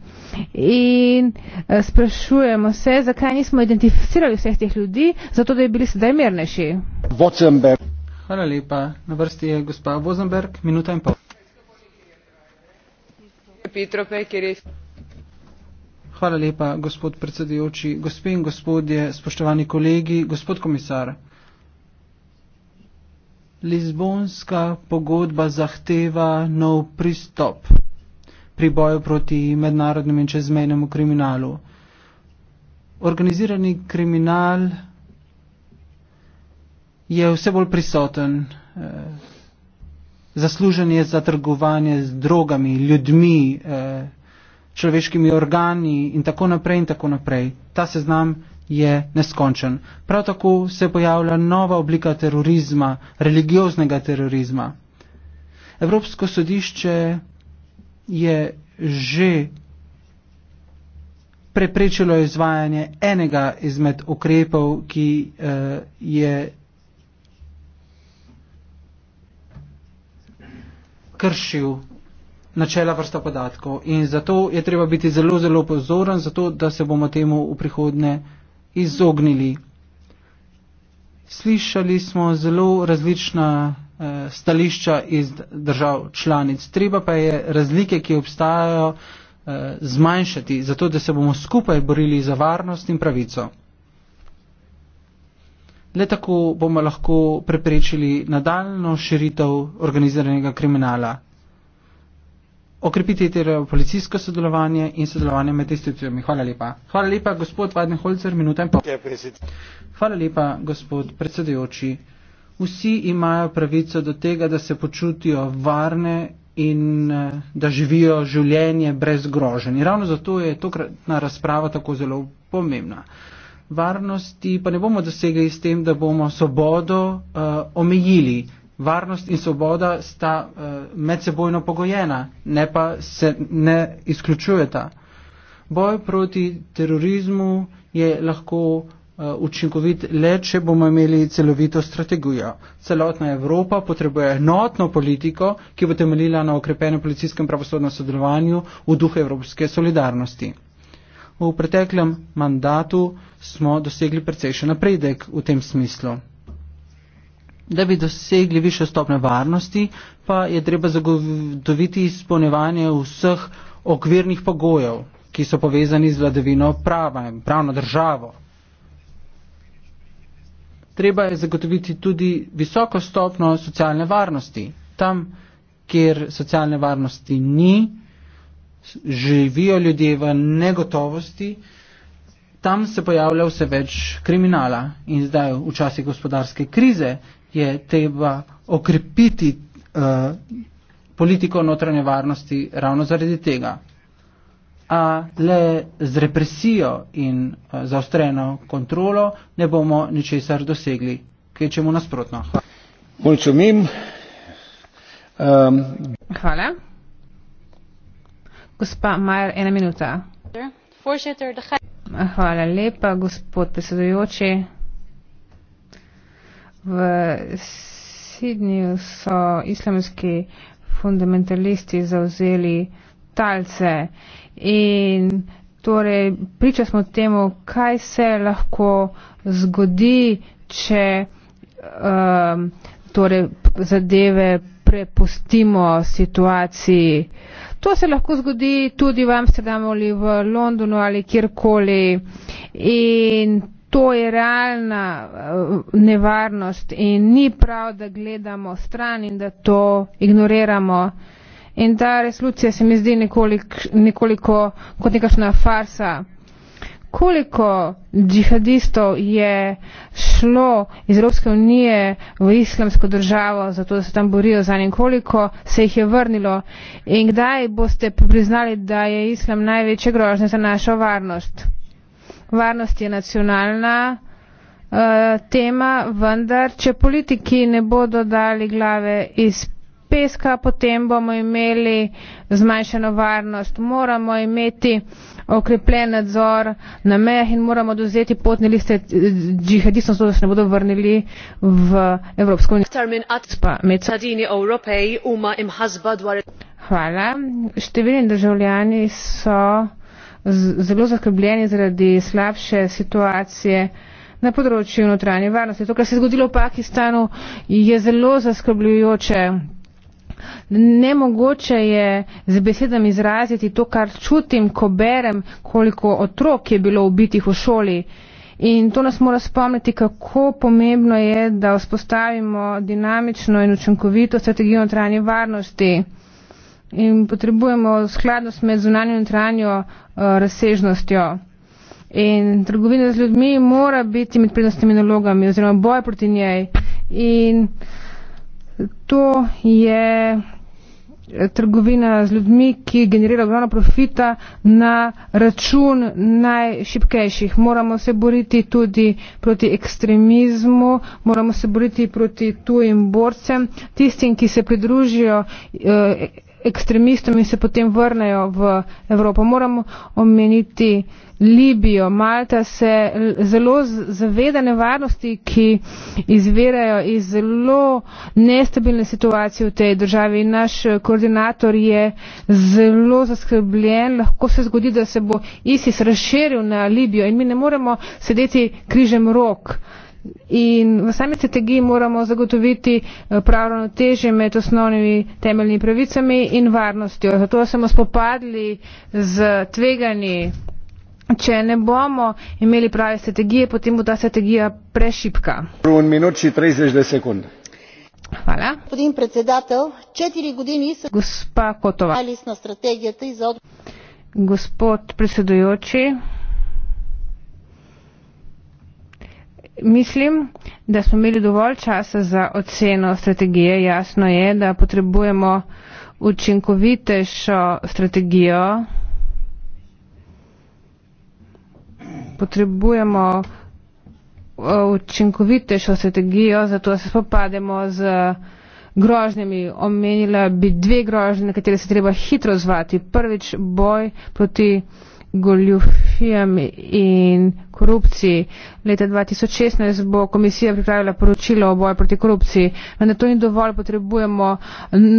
In eh, sprašujemo se, zakaj nismo identificirali vseh teh ljudi, zato da bi bili sedaj mirnejši. Hvala lepa. Na vrsti je gospa Vozenberg, minuta in pol. Hvala lepa, gospod predsedujoči, gospe in gospodje, spoštovani kolegi, gospod komisar. Lizbonska pogodba zahteva nov pristop pri boju proti mednarodnemu in čezmejnemu kriminalu. Organizirani kriminal je vse bolj prisoten. Eh, zaslužen je za trgovanje z drogami, ljudmi, eh, človeškimi organi in tako naprej in tako naprej. Ta seznam je neskončen. Prav tako se pojavlja nova oblika terorizma, religioznega terorizma. Evropsko sodišče je že preprečilo izvajanje enega izmed ukrepov, ki uh, je kršil načela vrsta podatkov. In zato je treba biti zelo, zelo pozoren, zato da se bomo temu v prihodne izognili. Slišali smo zelo različna eh, stališča iz držav članic. Treba pa je razlike, ki obstajajo, eh, zmanjšati, zato da se bomo skupaj borili za varnost in pravico. Le tako bomo lahko preprečili nadaljno širitev organiziranega kriminala okrepiti ter policijsko sodelovanje in sodelovanje med institucijami. Hvala lepa. Hvala lepa, gospod Vadenholzer, minuta in pol. Hvala lepa, gospod predsedujoči. Vsi imajo pravico do tega, da se počutijo varne in eh, da živijo življenje brez groženj. Ravno zato je tokratna razprava tako zelo pomembna. Varnosti pa ne bomo dosegli s tem, da bomo svobodo uh, omejili varnost in svoboda sta uh, medsebojno pogojena, ne pa se ne izključujeta. Boj proti terorizmu je lahko uh, učinkovit le, če bomo imeli celovito strategijo. Celotna Evropa potrebuje enotno politiko, ki bo temeljila na okrepenem policijskem pravosodnem sodelovanju v duhu evropske solidarnosti. V preteklem mandatu smo dosegli precejšen napredek v tem smislu. Da bi dosegli višjo stopnjo varnosti, pa je treba zagotoviti izpolnevanje vseh okvirnih pogojev, ki so povezani z vladavino prava in pravno državo. Treba je zagotoviti tudi visoko stopno socialne varnosti. Tam, kjer socialne varnosti ni, živijo ljudje v negotovosti, tam se pojavlja vse več kriminala in zdaj v časi gospodarske krize je treba okrepiti uh, politiko notranje varnosti ravno zaradi tega. A le z represijo in uh, zaostreno kontrolo ne bomo ničesar dosegli, kaj čemu nasprotno. Hvala. Um. Ehm, Hvala. Gospa Majer, ena minuta. Hvala lepa, gospod predsedujoči. V Sidniju so islamski fundamentalisti zavzeli talce in torej priča smo temu, kaj se lahko zgodi, če um, torej zadeve prepustimo situaciji. To se lahko zgodi tudi v Amsterdamu ali v Londonu ali kjerkoli. In to je realna eh, nevarnost in ni prav, da gledamo stran in da to ignoriramo. In ta resolucija se mi zdi nekoliko, nekoliko kot nekašna farsa. Koliko džihadistov je šlo iz Evropske unije v islamsko državo, zato da se tam borijo za njim, koliko se jih je vrnilo in kdaj boste priznali, da je islam največja grožnja za našo varnost? varnost je nacionalna uh, tema, vendar, če politiki ne bodo dali glave iz peska, potem bomo imeli zmanjšano varnost. Moramo imeti okrepljen nadzor na mejah in moramo dozeti potne liste eh, džihadistom, zato da se ne bodo vrnili v Evropsko unijo. Hvala. Številni državljani so zelo zaskrbljeni zaradi slabše situacije na področju notranje varnosti. To, kar se je zgodilo v Pakistanu, je zelo zaskrbljujoče. Nemogoče je z besedami izraziti to, kar čutim, ko berem, koliko otrok je bilo ubitih v šoli. In to nas mora spomniti, kako pomembno je, da vzpostavimo dinamično in učinkovito strategijo notranje varnosti in potrebujemo skladnost med zunanjo in trajanjo eh, razsežnostjo. In trgovina z ljudmi mora biti med prednostnimi nalogami oziroma boj proti njej. In to je eh, trgovina z ljudmi, ki generira ogromno profita na račun najšipkejših. Moramo se boriti tudi proti ekstremizmu, moramo se boriti proti tujim borcem, tistim, ki se pridružijo. Eh, ekstremistom in se potem vrnejo v Evropo. Moramo omeniti Libijo. Malta se zelo zaveda nevarnosti, ki izvirajo iz zelo nestabilne situacije v tej državi. Naš koordinator je zelo zaskrbljen. Lahko se zgodi, da se bo ISIS razširil na Libijo in mi ne moremo sedeti križem rok. Uh, In v sami strategiji moramo zagotoviti eh, pravno težje med osnovnimi temeljnimi pravicami in varnostjo. Zato smo spopadli z tveganji. Če ne bomo imeli prave strategije, potem bo ta strategija prešipka. Hvala. Gospodin predsedatelj, četiri godine so. Gospa Kotova. Gospod predsedujoči. Mislim, da smo imeli dovolj časa za oceno strategije. Jasno je, da potrebujemo učinkovitejšo strategijo. Potrebujemo eh, učinkovitejšo strategijo, zato se spopademo z grožnjami. Omenila bi dve grožnje, na katere se treba hitro zvati. Prvič boj proti goljufijami in korupciji. Leta 2016 bo komisija pripravila poročilo o boju proti korupciji, vendar to ni dovolj, potrebujemo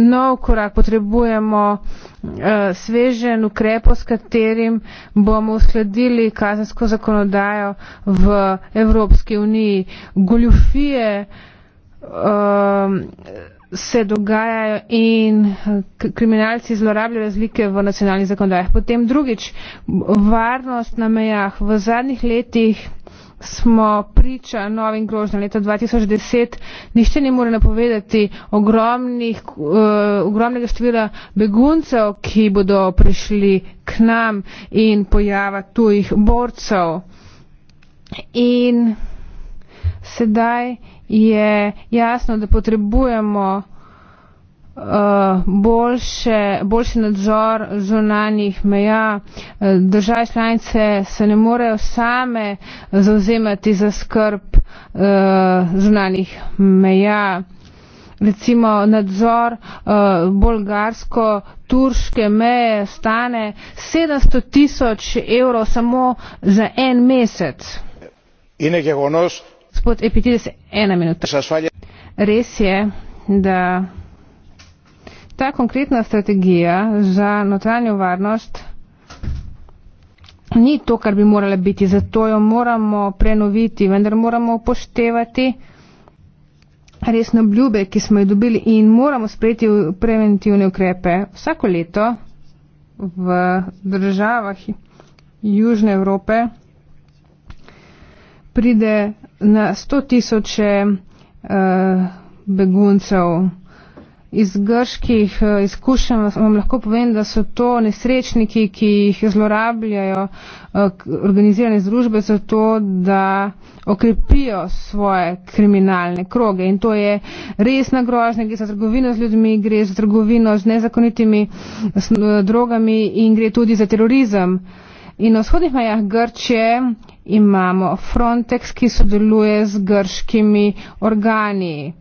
nov korak, potrebujemo uh, svežen ukrep, s katerim bomo uskladili kazensko zakonodajo v Evropski uniji. Goljufije. Uh, se dogajajo in eh, kriminalci zlorabljajo razlike v nacionalnih zakonodajah. Potem drugič, varnost na mejah. V zadnjih letih smo priča novim grožnjam. Leta 2010 nišče ne more napovedati ogromnih, uh, ogromnega števila beguncev, ki bodo prišli k nam in pojava tujih borcev. In sedaj je jasno, da potrebujemo uh, boljše, boljši nadzor zunanjih meja. Eh, države članice se ne morejo same zauzemati za skrb uh, zunanjih meja. Recimo nadzor uh, bolgarsko-turške meje stane 700 tisoč evrov samo za en mesec. Gospod Epitides, ena minuta. Res je, da ta konkretna strategija za notranjo varnost ni to, kar bi morala biti. Zato jo moramo prenoviti, vendar moramo upoštevati resno obljube, ki smo jih dobili in moramo sprejeti preventivne ukrepe. Vsako leto v državah Južne Evrope pride na sto tisoče eh, beguncev. Iz grških eh, izkušenj vam lahko povem, da so to nesrečniki, ki jih zlorabljajo eh, organizirane združbe za to, da okrepijo svoje kriminalne kroge. In to je resna grožnja, gre za trgovino z ljudmi, gre za trgovino z nezakonitimi drogami in gre tudi za terorizem. In na vzhodnih majah Grče imamo Frontex, ki sodeluje z grškimi organi.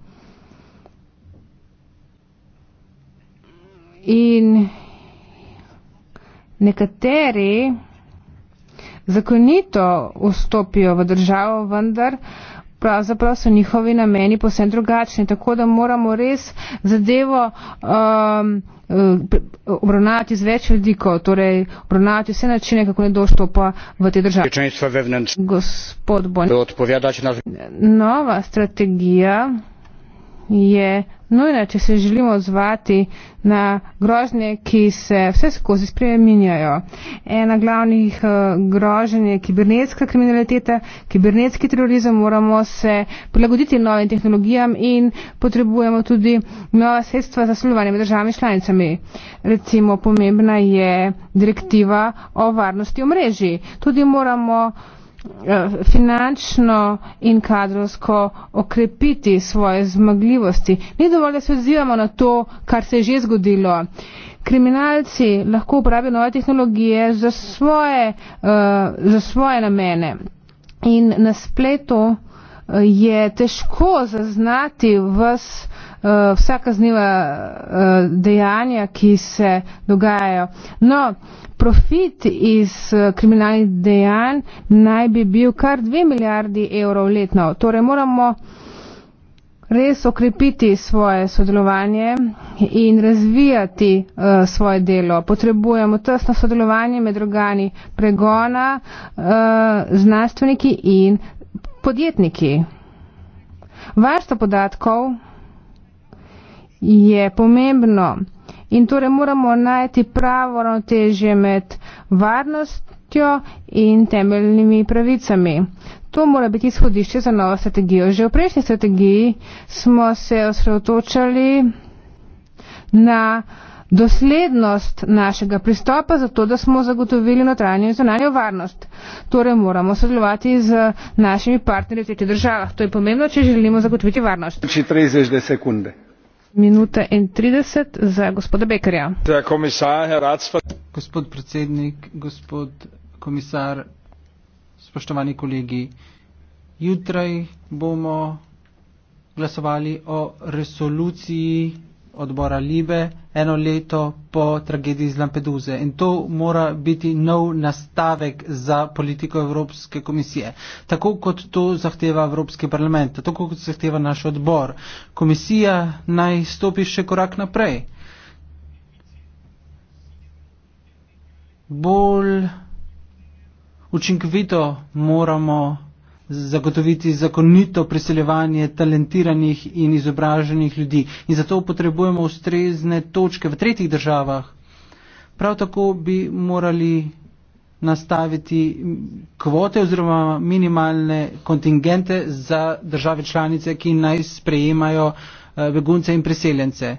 In nekateri zakonito vstopijo v državo, vendar. Uh, pravzaprav so njihovi nameni posebno drugačni, tako da moramo res zadevo um, eh, obravnavati z več vidikov, torej obravnavati vse načine, kako ne doštopa v te države. Gospod Bonnik, nova strategija je. Yeah nujna, če se želimo odzvati na grožnje, ki se vse skozi spreminjajo. Ena glavnih eh, grožnje je kibernetska kriminaliteta, kibernetski terorizem, moramo se prilagoditi novim tehnologijam in potrebujemo tudi nova sredstva za sodelovanje med državami članicami. Recimo pomembna je direktiva o varnosti omrežji. Tudi moramo Eh, finančno in kadrovsko okrepiti svoje zmagljivosti. Ni dovolj, da se odzivamo na to, kar se je že zgodilo. Kriminalci lahko uporabijo nove tehnologije za svoje, uh, za svoje namene. In na spletu eh, je težko zaznati vse uh, vsa kazniva uh, dejanja, ki se dogajajo. No, profit iz uh, kriminalnih dejanj naj bi bil kar 2 milijardi evrov letno. Torej moramo res okrepiti svoje sodelovanje in razvijati uh, svoje delo. Potrebujemo tesno sodelovanje med organi pregona, uh, znanstveniki in podjetniki. Varstvo podatkov je pomembno. In torej moramo najti pravo ravnotežje med varnostjo in temeljnimi pravicami. To mora biti izhodišče za novo strategijo. Že v prejšnji strategiji smo se osredotočali na doslednost našega pristopa za to, da smo zagotovili notranjo in zonanjo varnost. Torej moramo sodelovati z našimi partnerji v tretjih državah. To je pomembno, če želimo zagotoviti varnost. 30 sekunde minute in trideset za gospoda bekerja gospod predsednik gospod komisar spoštovani kolegi jutraj bomo glasovali o resoluciji odbora Libe eno leto po tragediji z Lampeduze. In to mora biti nov nastavek za politiko Evropske komisije. Tako kot to zahteva Evropski parlament, tako kot zahteva naš odbor. Komisija naj stopi še korak naprej. Bolj učinkovito moramo zagotoviti zakonito priseljevanje talentiranih in izobraženih ljudi. In zato potrebujemo ustrezne točke v tretjih državah. Prav tako bi morali nastaviti kvote oziroma minimalne kontingente za države članice, ki naj sprejemajo eh, begunce in priseljence.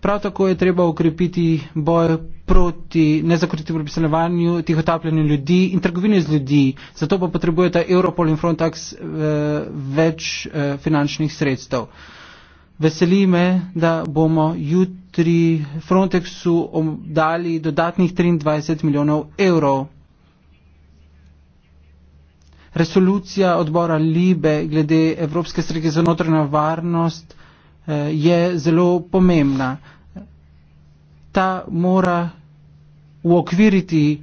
Prav tako je treba ukrepiti boj proti nezakonitim prepisanovanju, tih otapljanju ljudi in trgovini z ljudi. Zato pa potrebujeta Europol in Frontex eh, več eh, finančnih sredstev. Veseli me, da bomo jutri Frontexu dali dodatnih 23 milijonov evrov. Resolucija odbora Libe glede Evropske strategije za notranjo varnost eh, je zelo pomembna ta mora uokviriti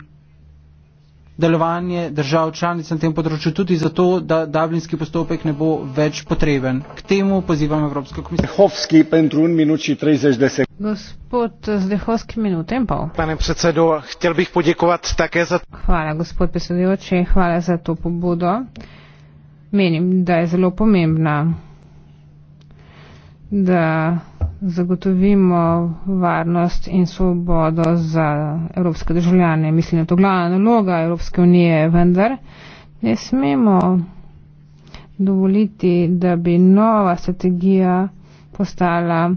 delovanje držav članic na tem področju tudi zato, da davljinski postopek ne bo več potreben. K temu pozivam Evropsko komisijo. Zdehovski, pentru un minut și 30 sekund. Gospod Zdehovski, minut in pol. Pane predsedo, htjel bih podjekovat také za... Hvala, gospod predsedujoči, hvala za to pobudo. Menim, da je zelo pomembna, da zagotovimo varnost in svobodo za evropske državljane. Mislim, da je to glavna naloga Evropske unije, vendar ne smemo dovoliti, da bi nova strategija postala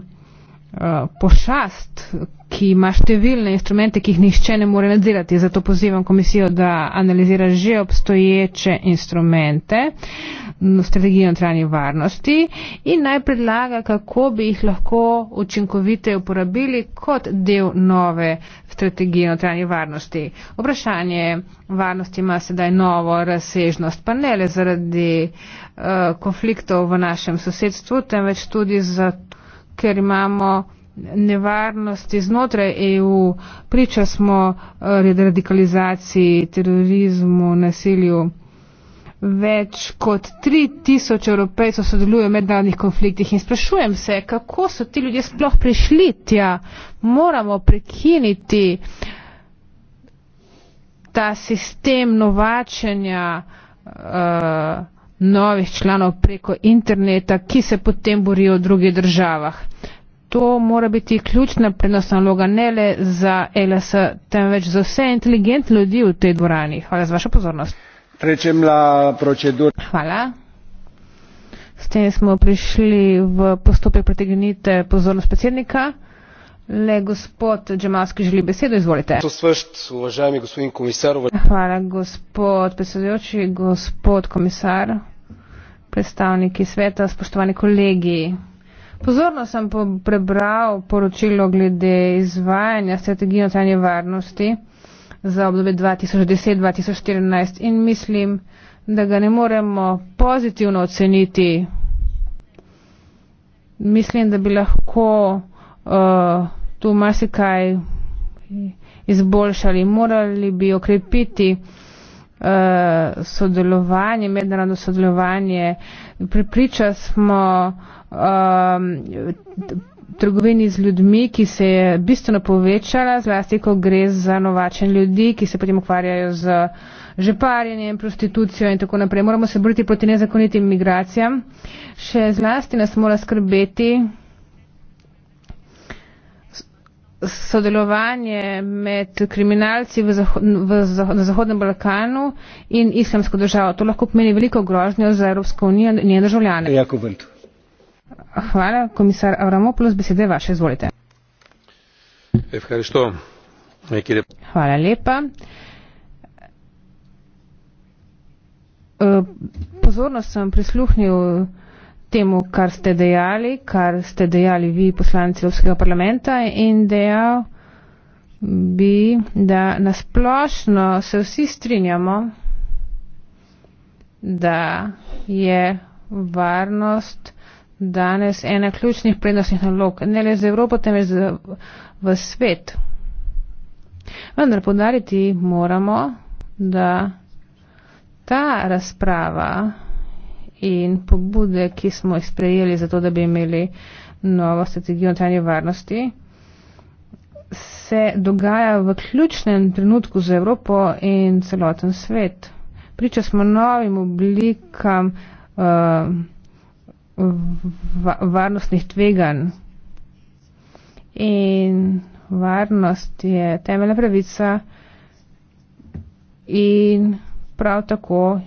uh, pošast, ki ima številne instrumente, ki jih nišče ne more nadzirati. Zato pozivam komisijo, da analizira že obstoječe instrumente mm, strategije notranje varnosti in naj predlaga, kako bi jih lahko učinkovite uporabili kot del nove strategije notranje varnosti. Vprašanje varnosti ima sedaj novo razsežnost, pa ne le zaradi uh, konfliktov v našem sosedstvu, temveč tudi zato, ker imamo nevarnosti znotraj EU, priča smo eh, radikalizaciji, terorizmu, nasilju. Več kot 3000 evropejcev sodeluje v mednarodnih konfliktih in sprašujem se, kako so ti ljudje sploh prišli tja. Moramo prekiniti ta sistem novačenja uh, novih članov preko interneta, ki se potem borijo v drugih državah to mora biti ključna prednostna vloga ne le za e LS, temveč za vse inteligentne ljudi v tej dvorani. Hvala za vašo pozornost. Prečem la procedur. Hvala. S tem smo prišli v postopek pretegnite pozornost predsednika. Le gospod Džemalski želi besedo, izvolite. Hvala gospod predsedujoči, gospod komisar, predstavniki sveta, spoštovani kolegi. Pozorno sem po prebral poročilo glede izvajanja strategije notranje varnosti za obdobje 2010-2014 in mislim, da ga ne moremo pozitivno oceniti. Mislim, da bi lahko uh, tu marsikaj izboljšali. Morali bi okrepiti uh, sodelovanje, mednarodno sodelovanje. Pripriča smo uh, um, trgovini z ljudmi, ki se je bistveno povečala, zlasti ko gre za novačen ljudi, ki se potem ukvarjajo z žeparjenjem, prostitucijo in tako naprej. Moramo se boriti proti nezakonitim migracijam. Še zlasti nas mora skrbeti sodelovanje med kriminalci v zaho v zaho na Zahodnem Balkanu in islamsko državo. To lahko pomeni veliko grožnjo za Evropsko unijo in njene državljane. Jakubent. Hvala. Komisar Avramopoulos, besede vaše, izvolite. Hvala lepa. Eh, pozorno sem prisluhnil temu, kar ste dejali, kar ste dejali vi, poslanci Evropskega parlamenta in dejal bi, da nasplošno se vsi strinjamo, da je varnost danes ena ključnih prednostnih nalog, ne le za Evropo, temveč v svet. Vendar podariti moramo, da ta razprava in pobude, ki smo jih sprejeli za to, da bi imeli novo strategijo notranje varnosti, se dogaja v ključnem trenutku za Evropo in celoten svet. Priča smo novim oblikam uh, va varnostnih tveganj. In varnost je temeljna pravica in prav tako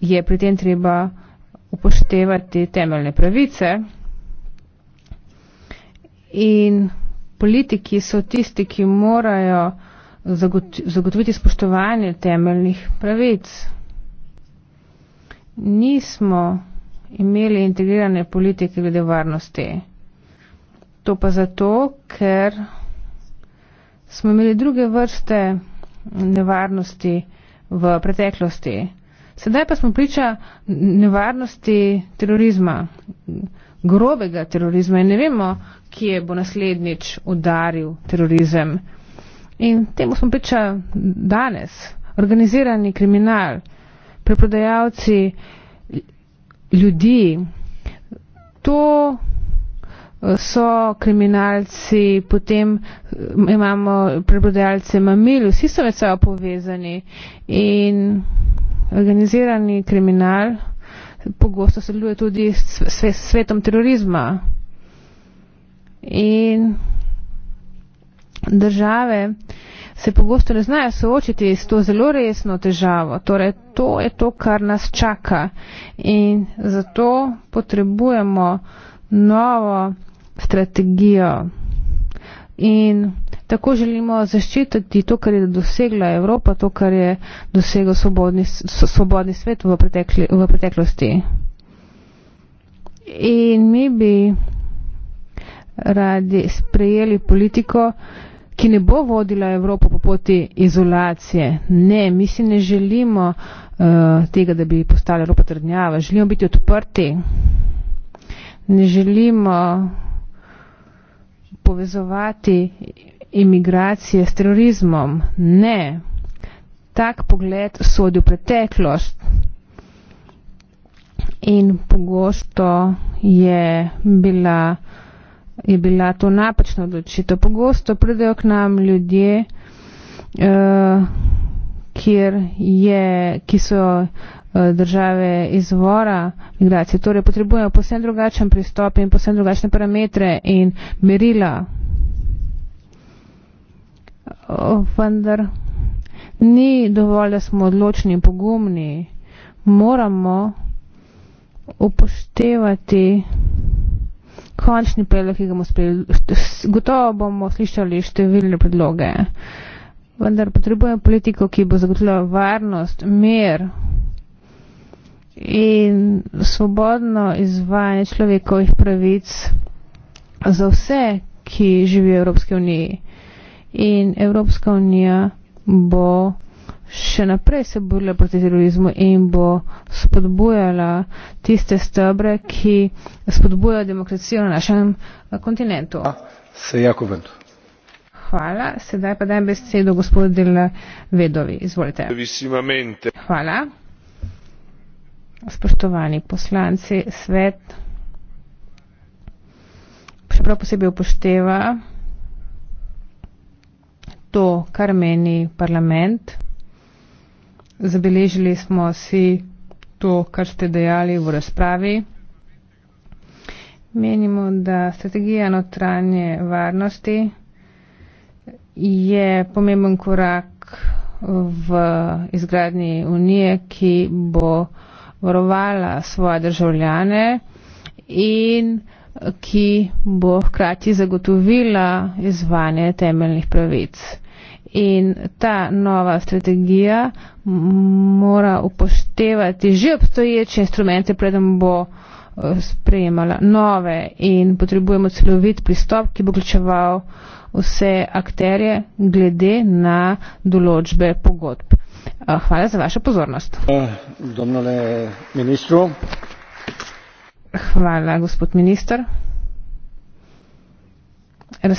je pri tem treba upoštevati temeljne pravice. In politiki so tisti, ki morajo zagotoviti spoštovanje temeljnih pravic. Nismo imeli integrirane politike glede varnosti. To pa zato, ker smo imeli druge vrste nevarnosti v preteklosti. Sedaj pa smo priča nevarnosti terorizma, grobega terorizma in ne vemo, kje bo naslednjič udaril terorizem. In temu smo priča danes. Organizirani kriminal, preprodajalci ljudi. To eh, so kriminalci, potem eh, imamo prebodajalce mamil, vsi so med sabo povezani in organizirani kriminal pogosto sodeluje tudi s svetom terorizma. In države, se pogosto ne znajo soočiti s to zelo resno težavo. Torej, to je to, kar nas čaka in zato potrebujemo novo strategijo. In tako želimo zaščititi to, kar je dosegla Evropa, to, kar je dosegel svobodni, svobodni svet v, pretekli, v preteklosti. In mi bi radi sprejeli politiko, ki ne bo vodila Evropo po poti izolacije. Ne, mi si ne želimo uh, tega, da bi postala Evropa trdnjava. Želimo biti odprti. Ne želimo povezovati imigracije s terorizmom. Ne. Tak pogled sodi v preteklost in pogosto je bila je bila to napačna odločitev. Pogosto pridejo k nam ljudje, uh, je, ki so eh, države izvora migracije. Torej potrebujemo posebno drugačen pristop in posebno drugačne parametre in merila. Vendar ni dovolj, da smo odločni in pogumni. Moramo upoštevati končni predlog, ki ga bomo sprejeli. Gotovo bomo slišali številne predloge, vendar potrebujemo politiko, ki bo zagotovila varnost, mir in svobodno izvajanje človekovih pravic za vse, ki živijo v Evropski uniji. In Evropska unija bo še naprej se borila proti terorizmu in bo spodbujala tiste stebre, ki spodbujajo demokracijo na našem eh, kontinentu. Se Jakoven. Hvala. Sedaj pa dajem besedo gospodu Dela Vedovi. Izvolite. Hvala. Spoštovani poslanci, svet še prav posebej upošteva to, kar meni parlament. Zabeležili smo si to, kar ste dejali v razpravi. Menimo, da strategija notranje varnosti je pomemben korak v izgradnji unije, ki bo varovala svoje državljane in ki bo hkrati zagotovila izvanje temeljnih pravic. In ta nova strategija mora upoštevati že obstoječe instrumente, preden bo eh, sprejemala nove in potrebujemo celovit pristop, ki bo vključeval vse akterje glede na določbe pogodb. Eh, hvala za vašo pozornost. Eh, hvala, gospod minister.